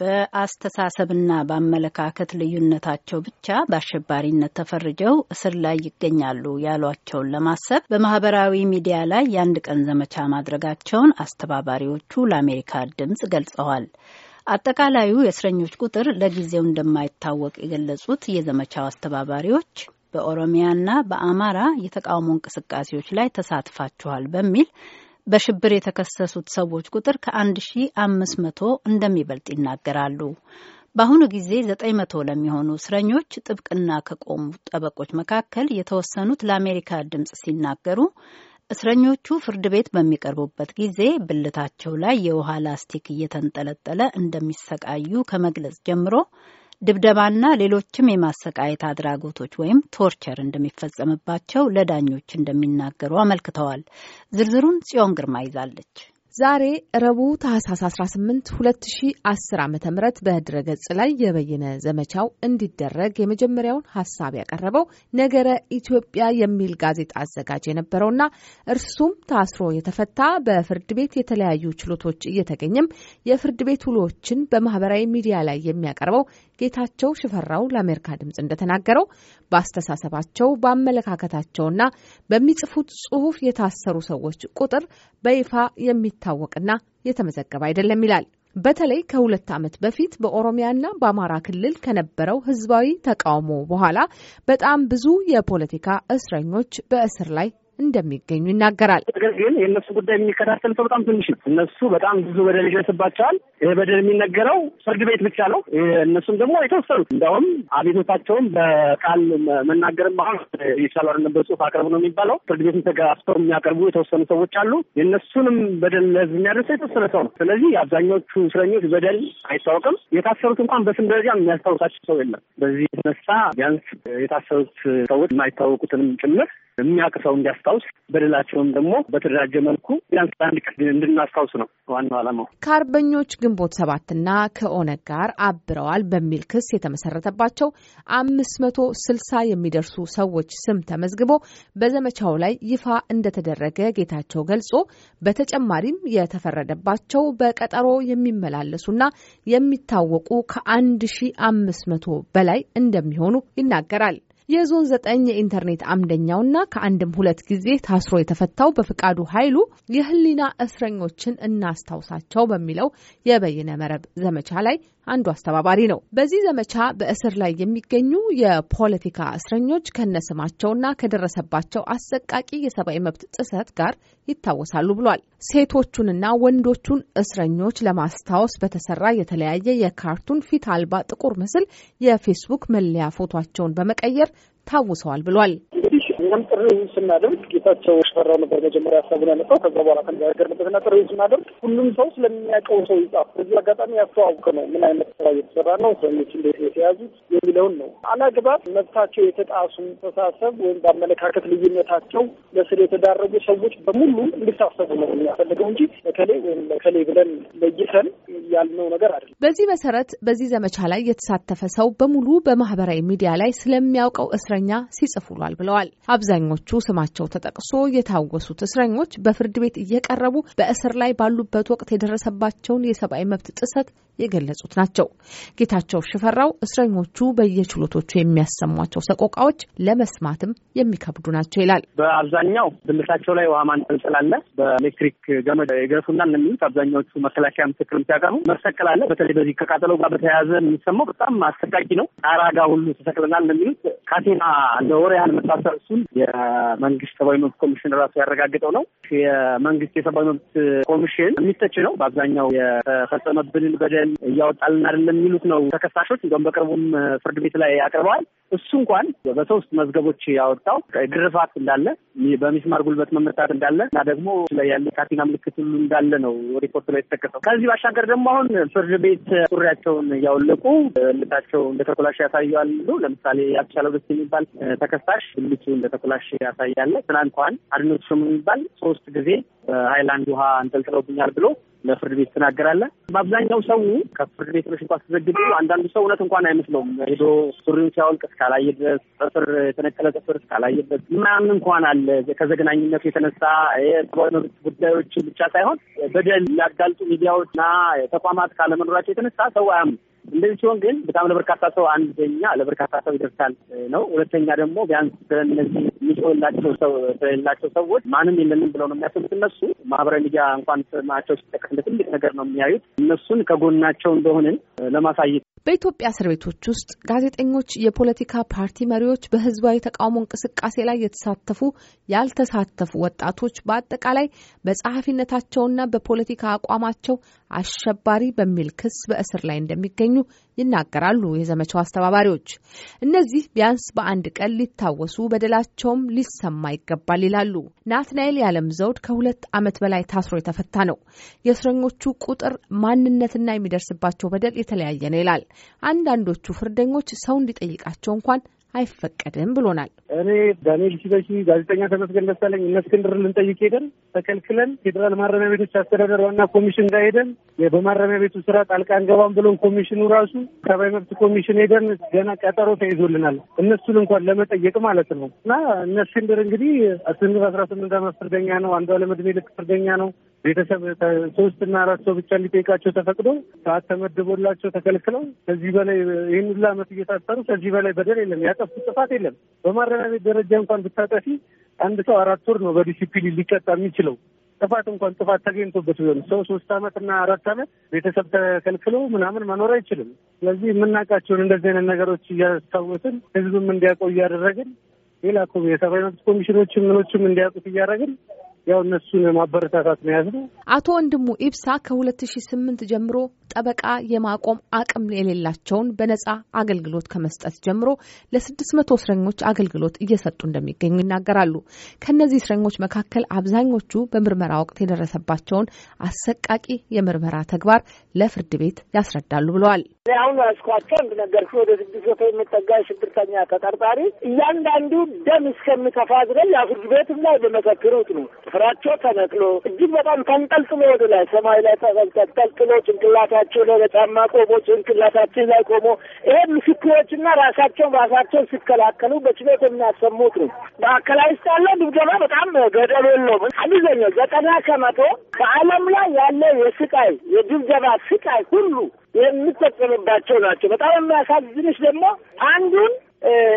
በአስተሳሰብና በአመለካከት ልዩነታቸው ብቻ በአሸባሪነት ተፈርጀው እስር ላይ ይገኛሉ ያሏቸውን ለማሰብ በማህበራዊ ሚዲያ ላይ የአንድ ቀን ዘመቻ ማድረጋቸውን አስተባባሪዎቹ ለአሜሪካ ድምፅ ገልጸዋል። አጠቃላዩ የእስረኞች ቁጥር ለጊዜው እንደማይታወቅ የገለጹት የዘመቻው አስተባባሪዎች በኦሮሚያና በአማራ የተቃውሞ እንቅስቃሴዎች ላይ ተሳትፋችኋል በሚል በሽብር የተከሰሱት ሰዎች ቁጥር ከ1500 እንደሚበልጥ ይናገራሉ። በአሁኑ ጊዜ 900 ለሚሆኑ እስረኞች ጥብቅና ከቆሙ ጠበቆች መካከል የተወሰኑት ለአሜሪካ ድምፅ ሲናገሩ እስረኞቹ ፍርድ ቤት በሚቀርቡበት ጊዜ ብልታቸው ላይ የውሃ ላስቲክ እየተንጠለጠለ እንደሚሰቃዩ ከመግለጽ ጀምሮ ድብደባና ሌሎችም የማሰቃየት አድራጎቶች ወይም ቶርቸር እንደሚፈጸምባቸው ለዳኞች እንደሚናገሩ አመልክተዋል። ዝርዝሩን ጽዮን ግርማ ይዛለች። ዛሬ ረቡዕ ታህሳስ 18 2010 ዓ ም በድረገጽ ላይ የበይነ ዘመቻው እንዲደረግ የመጀመሪያውን ሀሳብ ያቀረበው ነገረ ኢትዮጵያ የሚል ጋዜጣ አዘጋጅ የነበረውና እርሱም ታስሮ የተፈታ በፍርድ ቤት የተለያዩ ችሎቶች እየተገኘም የፍርድ ቤት ውሎችን በማህበራዊ ሚዲያ ላይ የሚያቀርበው ጌታቸው ሽፈራው ለአሜሪካ ድምፅ እንደተናገረው በአስተሳሰባቸው በአመለካከታቸውና በሚጽፉት ጽሁፍ የታሰሩ ሰዎች ቁጥር በይፋ የሚታወቅና የተመዘገበ አይደለም ይላል። በተለይ ከሁለት ዓመት በፊት በኦሮሚያና በአማራ ክልል ከነበረው ህዝባዊ ተቃውሞ በኋላ በጣም ብዙ የፖለቲካ እስረኞች በእስር ላይ እንደሚገኙ ይናገራል። ነገር ግን የእነሱ ጉዳይ የሚከታተል ሰው በጣም ትንሽ ነው። እነሱ በጣም ብዙ በደል ይደርስባቸዋል። ይህ በደል የሚነገረው ፍርድ ቤት ብቻ ነው። እነሱም ደግሞ የተወሰኑት እንዲያውም አቤቶታቸውም በቃል መናገርም አሁን ይቻሉ አይደለም ጽሁፍ አቅርቡ ነው የሚባለው። ፍርድ ቤት ተጋፍተው የሚያቀርቡ የተወሰኑ ሰዎች አሉ። የእነሱንም በደል ለህዝብ የሚያደርሰው የተወሰነ ሰው ነው። ስለዚህ አብዛኞቹ እስረኞች በደል አይታወቅም። የታሰሩት እንኳን በስም ደረጃ የሚያስታውሳቸው ሰው የለም። በዚህ የተነሳ ቢያንስ የታሰሩት ሰዎች የማይታወቁትንም ጭምር የሚያውቅ ሰው እንዲያስታውስ በደላቸውም ደግሞ በተደራጀ መልኩ ቢያንስ ለአንድ እንድናስታውስ ነው ዋናው ዓላማው። ከአርበኞች ግንቦት ሰባትና ከኦነግ ጋር አብረዋል በሚል ክስ የተመሰረተባቸው አምስት መቶ ስልሳ የሚደርሱ ሰዎች ስም ተመዝግቦ በዘመቻው ላይ ይፋ እንደተደረገ ጌታቸው ገልጾ በተጨማሪም የተፈረደባቸው በቀጠሮ የሚመላለሱና የሚታወቁ ከአንድ ሺ አምስት መቶ በላይ እንደሚሆኑ ይናገራል። የዞን ዘጠኝ የኢንተርኔት አምደኛውና ከአንድም ሁለት ጊዜ ታስሮ የተፈታው በፍቃዱ ኃይሉ የህሊና እስረኞችን እናስታውሳቸው በሚለው የበይነ መረብ ዘመቻ ላይ አንዱ አስተባባሪ ነው። በዚህ ዘመቻ በእስር ላይ የሚገኙ የፖለቲካ እስረኞች ከነስማቸውና ከደረሰባቸው አሰቃቂ የሰብአዊ መብት ጥሰት ጋር ይታወሳሉ ብሏል። ሴቶቹንና ወንዶቹን እስረኞች ለማስታወስ በተሰራ የተለያየ የካርቱን ፊት አልባ ጥቁር ምስል የፌስቡክ መለያ ፎቷቸውን በመቀየር ታውሰዋል ብሏል። እንግዲህ እኛም ጥሪ ስናደርግ ጌታቸው ያስፈራው ነበር። መጀመሪያ ሀሳቡን ያመጣው ከዛ በኋላ ተነጋገርንበትና ጥሪ ስናደርግ ሁሉም ሰው ስለሚያውቀው ሰው ይጻፍ፣ በዚህ አጋጣሚ ያስተዋውቅ ነው። ምን አይነት ስራ እየተሰራ ነው፣ እስረኞች እንዴት የተያዙት የሚለውን ነው። አላግባብ መብታቸው የተጣሱ ተሳሰብ ወይም በአመለካከት ልዩነታቸው ለስር የተዳረጉ ሰዎች በሙሉ እንዲታሰቡ ነው የሚያስፈልገው እንጂ ለከሌ ወይም ለከሌ ብለን ለይተን ያልነው ነገር አይደለም። በዚህ መሰረት በዚህ ዘመቻ ላይ የተሳተፈ ሰው በሙሉ በማህበራዊ ሚዲያ ላይ ስለሚያውቀው እስረኛ ሲጽፍ ውሏል ብለዋል። አብዛኞቹ ስማቸው ተጠቅሶ የታወሱት እስረኞች በፍርድ ቤት እየቀረቡ በእስር ላይ ባሉበት ወቅት የደረሰባቸውን የሰብአዊ መብት ጥሰት የገለጹት ናቸው። ጌታቸው ሽፈራው እስረኞቹ በየችሎቶቹ የሚያሰሟቸው ሰቆቃዎች ለመስማትም የሚከብዱ ናቸው ይላል። በአብዛኛው ብልታቸው ላይ ውሃ ማንጠል በኤሌክትሪክ ገመድ የገረፉና እንደሚሉት አብዛኛዎቹ መከላከያ ምስክርም ሲያቀርቡ መሰቀል በተለይ በዚህ ከቃጠለው ጋር በተያያዘ የሚሰማው በጣም አሰቃቂ ነው። ጣራ ጋር ሁሉ ተሰቅለናል እንደሚሉት ካቴና እንደ ወር ያህል መታሰር እሱን የመንግስት ሰብአዊ መብት ኮሚሽን ራሱ ያረጋግጠው ነው። የመንግስት የሰብአዊ መብት ኮሚሽን የሚተች ነው። በአብዛኛው የተፈጸመብንን በደል እያወጣልን አይደለም የሚሉት ነው ተከሳሾች። እንዲሁም በቅርቡም ፍርድ ቤት ላይ አቅርበዋል። እሱ እንኳን በሶስት መዝገቦች ያወጣው ግርፋት እንዳለ፣ በሚስማር ጉልበት መመታት እንዳለ እና ደግሞ ያለ ካቲና ምልክት ሁሉ እንዳለ ነው ሪፖርት ላይ የተጠቀሰው። ከዚህ ባሻገር ደግሞ አሁን ፍርድ ቤት ሱሪያቸውን እያወለቁ ልታቸው እንደ ተኮላሽ ያሳያሉ። ለምሳሌ ያስቻለው ደስ የሚባል ተከሳሽ ብልቱ እንደ ተኮላሽ ያሳያለ። ትናንት እንኳን አድኖ የሚባል ሶስት ጊዜ ሃይላንድ ውሃ አንጠልጥለውብኛል ብሎ ለፍርድ ቤት ትናገራለ። በአብዛኛው ሰው ከፍርድ ቤት በሽ እንኳን ስትዘግብ አንዳንዱ ሰው እውነት እንኳን አይመስለውም። ሄዶ ሱሪን ሲያወልቅ እስካላየ ድረስ ጥፍር የተነቀለ ጥፍር እስካላየበት ምናምን እንኳን አለ። ከዘግናኝነቱ የተነሳ የሰብአዊ ጉዳዮች ብቻ ሳይሆን በደል ያጋልጡ ሚዲያዎችና ተቋማት ካለመኖራቸው የተነሳ ሰው አያምኑም። እንደዚህ ሲሆን ግን በጣም ለበርካታ ሰው አንደኛ ለበርካታ ሰው ይደርሳል ነው። ሁለተኛ ደግሞ ቢያንስ ስለነዚህ የሚጮህላቸው ሰው ስለሌላቸው ሰዎች ማንም የለንም ብለው ነው የሚያስቡት። እነሱ ማህበራዊ ሚዲያ እንኳን ስማቸው ሲጠቀስ እንደ ትልቅ ነገር ነው የሚያዩት። እነሱን ከጎናቸው እንደሆንን ለማሳየት በኢትዮጵያ እስር ቤቶች ውስጥ ጋዜጠኞች፣ የፖለቲካ ፓርቲ መሪዎች፣ በህዝባዊ ተቃውሞ እንቅስቃሴ ላይ የተሳተፉ፣ ያልተሳተፉ ወጣቶች በአጠቃላይ በጸሐፊነታቸውና በፖለቲካ አቋማቸው አሸባሪ በሚል ክስ በእስር ላይ እንደሚገኙ ይናገራሉ የዘመቻው አስተባባሪዎች። እነዚህ ቢያንስ በአንድ ቀን ሊታወሱ በደላቸውም ሊሰማ ይገባል ይላሉ። ናትናኤል ያለም ዘውድ ከሁለት ዓመት በላይ ታስሮ የተፈታ ነው። የእስረኞቹ ቁጥር ማንነትና የሚደርስባቸው በደል የተለያየ ነው ይላል። አንዳንዶቹ ፍርደኞች ሰው እንዲጠይቃቸው እንኳን አይፈቀድም ብሎናል። እኔ ዳንኤል ኪበሺ፣ ጋዜጠኛ ተመስገን ደሳለኝ እነ ልንጠይቅ ሄደን ተከልክለን ፌዴራል ማረሚያ ቤቶች አስተዳደር ዋና ኮሚሽን ጋር ሄደን በማረሚያ ቤቱ ስራ ጣልቃ እንገባም ብሎን ኮሚሽኑ ራሱ ሰብአዊ መብት ኮሚሽን ሄደን ገና ቀጠሮ ተይዞልናል እነሱን እንኳን ለመጠየቅ ማለት ነው እና እነ እስክንድር እንግዲህ እስክንድር አስራ ስምንት ዓመት ፍርደኛ ነው። አንዷለም ዕድሜ ልክ ፍርደኛ ነው። ቤተሰብ ሶስትና አራት ሰው ብቻ ሊጠይቃቸው ተፈቅዶ ሰዓት ተመድቦላቸው ተከልክለው ከዚህ በላይ ይህን ሁሉ ዓመት እየታሰሩ ከዚህ በላይ በደል የለም፣ ያጠፉት ጥፋት የለም። በማረሚያ ቤት ደረጃ እንኳን ብታጠፊ አንድ ሰው አራት ወር ነው በዲሲፕሊን ሊቀጣ የሚችለው። ጥፋት እንኳን ጥፋት ተገኝቶበት ቢሆን ሰው ሶስት አመት እና አራት ዓመት ቤተሰብ ተከልክሎ ምናምን መኖር አይችልም። ስለዚህ የምናውቃቸውን እንደዚህ አይነት ነገሮች እያስታወስን ህዝብም እንዲያውቀው እያደረግን ሌላ የሰብአዊ መብት ኮሚሽኖችም ምኖችም እንዲያውቁት እያደረግን ያው እነሱን ማበረታታት ያዝ ነው። አቶ ወንድሙ ኢብሳ ከሁለት ሺ ስምንት ጀምሮ ጠበቃ የማቆም አቅም የሌላቸውን በነጻ አገልግሎት ከመስጠት ጀምሮ ለስድስት መቶ እስረኞች አገልግሎት እየሰጡ እንደሚገኙ ይናገራሉ። ከእነዚህ እስረኞች መካከል አብዛኞቹ በምርመራ ወቅት የደረሰባቸውን አሰቃቂ የምርመራ ተግባር ለፍርድ ቤት ያስረዳሉ ብለዋል። አሁን አስኳቸው እንደነገርኩ ወደ ስድስት መቶ የምጠጋ ሽብርተኛ ተጠርጣሪ እያንዳንዱ ደም እስከሚከፋ ድረስ ፍርድ ቤትም ላይ በመሰክሩት ነው እግራቸው ተነቅሎ እጅግ በጣም ተንጠልጥሎ ወደ ላይ ሰማይ ላይ ተንጠልጥሎ ጭንቅላታቸው ላይ በጫማ ቆሞ ጭንቅላታችን ላይ ቆሞ ይሄ ምስክሮችና ራሳቸውን ራሳቸውን ሲከላከሉ በችሎት የሚያሰሙት ነው። ማዕከላዊ ውስጥ ያለው ድብደባ በጣም ገደብ የለውም። አብዛኛው ዘጠና ከመቶ በዓለም ላይ ያለ የስቃይ የድብደባ ስቃይ ሁሉ የሚፈጸምባቸው ናቸው። በጣም የሚያሳዝንሽ ደግሞ አንዱን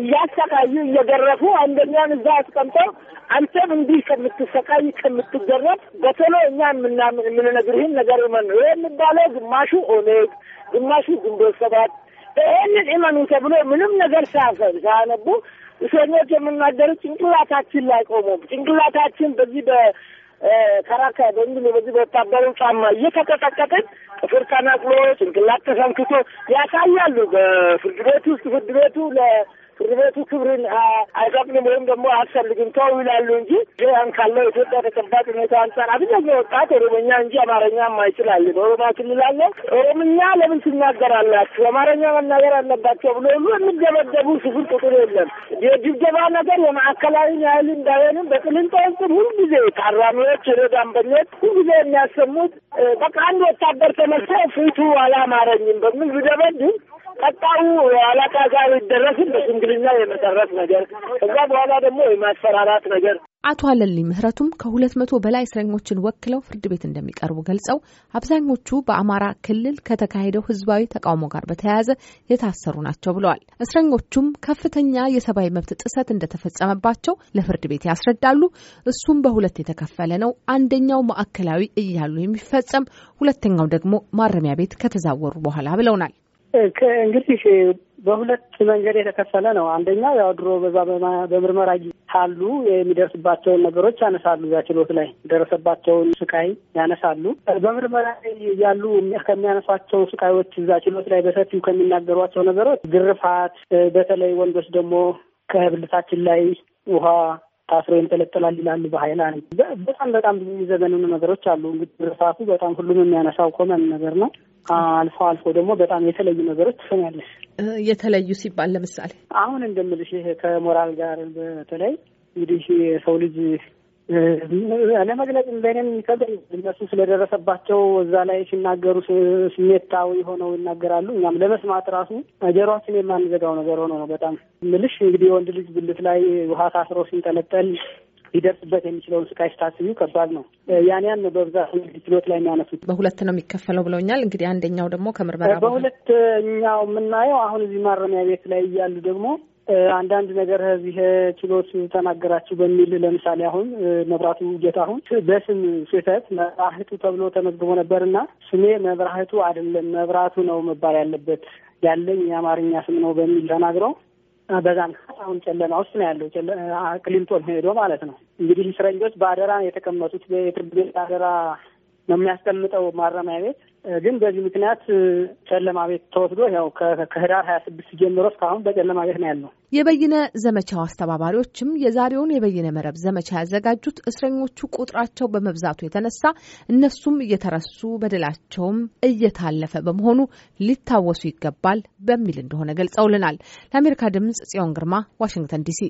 እያሰቃዩ እየገረፉ አንደኛን እዛ አስቀምጠው አንተም እንዲህ ከምትሰቃይ ከምትገረፍ በቶሎ እኛ የምንነግርህን ነገር እመን የሚባለው ግማሹ ኦነግ፣ ግማሹ ግንቦት ሰባት ይህንን እመኑ ተብሎ ምንም ነገር ሳያነቡ እስረኞች የምናገሩ ጭንቅላታችን ላይ ቆሞ ጭንቅላታችን በዚህ ከራካ በሚል በዚህ በወታደሩ ጫማ እየተቀጠቀጠን ጥፍር ተነቅሎ ጭንቅላት ተሰንክቶ ያሳያሉ። በፍርድ ቤቱ ውስጥ ፍርድ ቤቱ ምክር ቤቱ ክብርን አይፈቅድም ወይም ደግሞ አያስፈልግም ተው ይላሉ እንጂ ይህን ካለው ኢትዮጵያ ተጨባጭ ሁኔታ አንጻር አብዛኛው ወጣት ኦሮሞኛ እንጂ አማርኛ ማይችላል። ኦሮማ ክልል አለ ኦሮምኛ ለምን ትናገራላችሁ? አማርኛ መናገር አለባቸው ብሎ ሁሉ የሚደበደቡ ስፍር ቁጥር የለም። የድብደባ ነገር የማዕከላዊ ኃይል እንዳይሆንም በቅልንጦ እንትን ሁልጊዜ ታራሚዎች፣ ደንበኞች ሁልጊዜ የሚያሰሙት በቃ አንድ ወታደር ተመሰ ፊቱ አላማረኝም በሚል ቢደበድም ቀጣዩ የአላቃ ጋር ይደረስበት እንግሊኛ የመጠረት ነገር ከዛ በኋላ ደግሞ የማስፈራራት ነገር። አቶ አለልኝ ምህረቱም ከሁለት መቶ በላይ እስረኞችን ወክለው ፍርድ ቤት እንደሚቀርቡ ገልጸው አብዛኞቹ በአማራ ክልል ከተካሄደው ህዝባዊ ተቃውሞ ጋር በተያያዘ የታሰሩ ናቸው ብለዋል። እስረኞቹም ከፍተኛ የሰብአዊ መብት ጥሰት እንደተፈጸመባቸው ለፍርድ ቤት ያስረዳሉ። እሱም በሁለት የተከፈለ ነው። አንደኛው ማዕከላዊ እያሉ የሚፈጸም ሁለተኛው ደግሞ ማረሚያ ቤት ከተዛወሩ በኋላ ብለውናል። እንግዲህ በሁለት መንገድ የተከፈለ ነው። አንደኛው ያው ድሮ በዛ በምርመራ ካሉ የሚደርስባቸውን ነገሮች ያነሳሉ። እዛ ችሎት ላይ የደረሰባቸውን ስቃይ ያነሳሉ። በምርመራ ላይ ያሉ ከሚያነሷቸው ስቃዮች እዛ ችሎት ላይ በሰፊው ከሚናገሯቸው ነገሮች ግርፋት፣ በተለይ ወንዶች ደግሞ ከብልታችን ላይ ውሃ ታስሮ ይንጠለጠላል ይላሉ። በሀይላንድ በጣም በጣም ብዙ ዘገነኑ ነገሮች አሉ። እንግዲህ ግርፋቱ በጣም ሁሉም የሚያነሳው ኮመን ነገር ነው። አልፎ አልፎ ደግሞ በጣም የተለዩ ነገሮች ትሰሚያለሽ። የተለዩ ሲባል ለምሳሌ አሁን እንደምልሽ ይሄ ከሞራል ጋር በተለይ እንግዲህ የሰው ልጅ ለመግለጽ በእኔም ይከብዳል። እነሱ ስለደረሰባቸው እዛ ላይ ሲናገሩ ስሜታዊ ሆነው ይናገራሉ። እኛም ለመስማት ራሱ ጆሯችን የማንዘጋው ነገር ሆኖ ነው። በጣም ምልሽ እንግዲህ የወንድ ልጅ ብልት ላይ ውሃ ታስሮ ሲንጠለጠል ሊደርስበት የሚችለውን ስቃይ ስታስቢው ከባድ ነው። ያን ያን ነው በብዛት እንግዲህ ችሎት ላይ የሚያነሱት። በሁለት ነው የሚከፈለው ብለውኛል። እንግዲህ አንደኛው ደግሞ ከምርመራ በሁለተኛው የምናየው አሁን እዚህ ማረሚያ ቤት ላይ እያሉ ደግሞ አንዳንድ ነገር እዚህ ችሎት ተናገራችሁ በሚል ለምሳሌ አሁን መብራቱ አሁን በስም ስህተት መብራህቱ ተብሎ ተመዝግቦ ነበር እና ስሜ መብራህቱ አይደለም መብራቱ ነው መባል ያለበት ያለኝ የአማርኛ ስም ነው በሚል ተናግረው በዛም አሁን ጨለማ ውስጥ ነው ያለው። ክሊንቶን ሄዶ ማለት ነው እንግዲህ እስረኞች በአደራ የተቀመጡት የፍርድ ቤት አደራ ነው የሚያስቀምጠው ማረሚያ ቤት ግን በዚህ ምክንያት ጨለማ ቤት ተወስዶ ያው ከህዳር ሀያ ስድስት ጀምሮ እስካሁን በጨለማ ቤት ነው ያለው። የበይነ ዘመቻው አስተባባሪዎችም የዛሬውን የበይነ መረብ ዘመቻ ያዘጋጁት እስረኞቹ ቁጥራቸው በመብዛቱ የተነሳ እነሱም እየተረሱ በደላቸውም እየታለፈ በመሆኑ ሊታወሱ ይገባል በሚል እንደሆነ ገልጸውልናል። ለአሜሪካ ድምጽ ጽዮን ግርማ ዋሽንግተን ዲሲ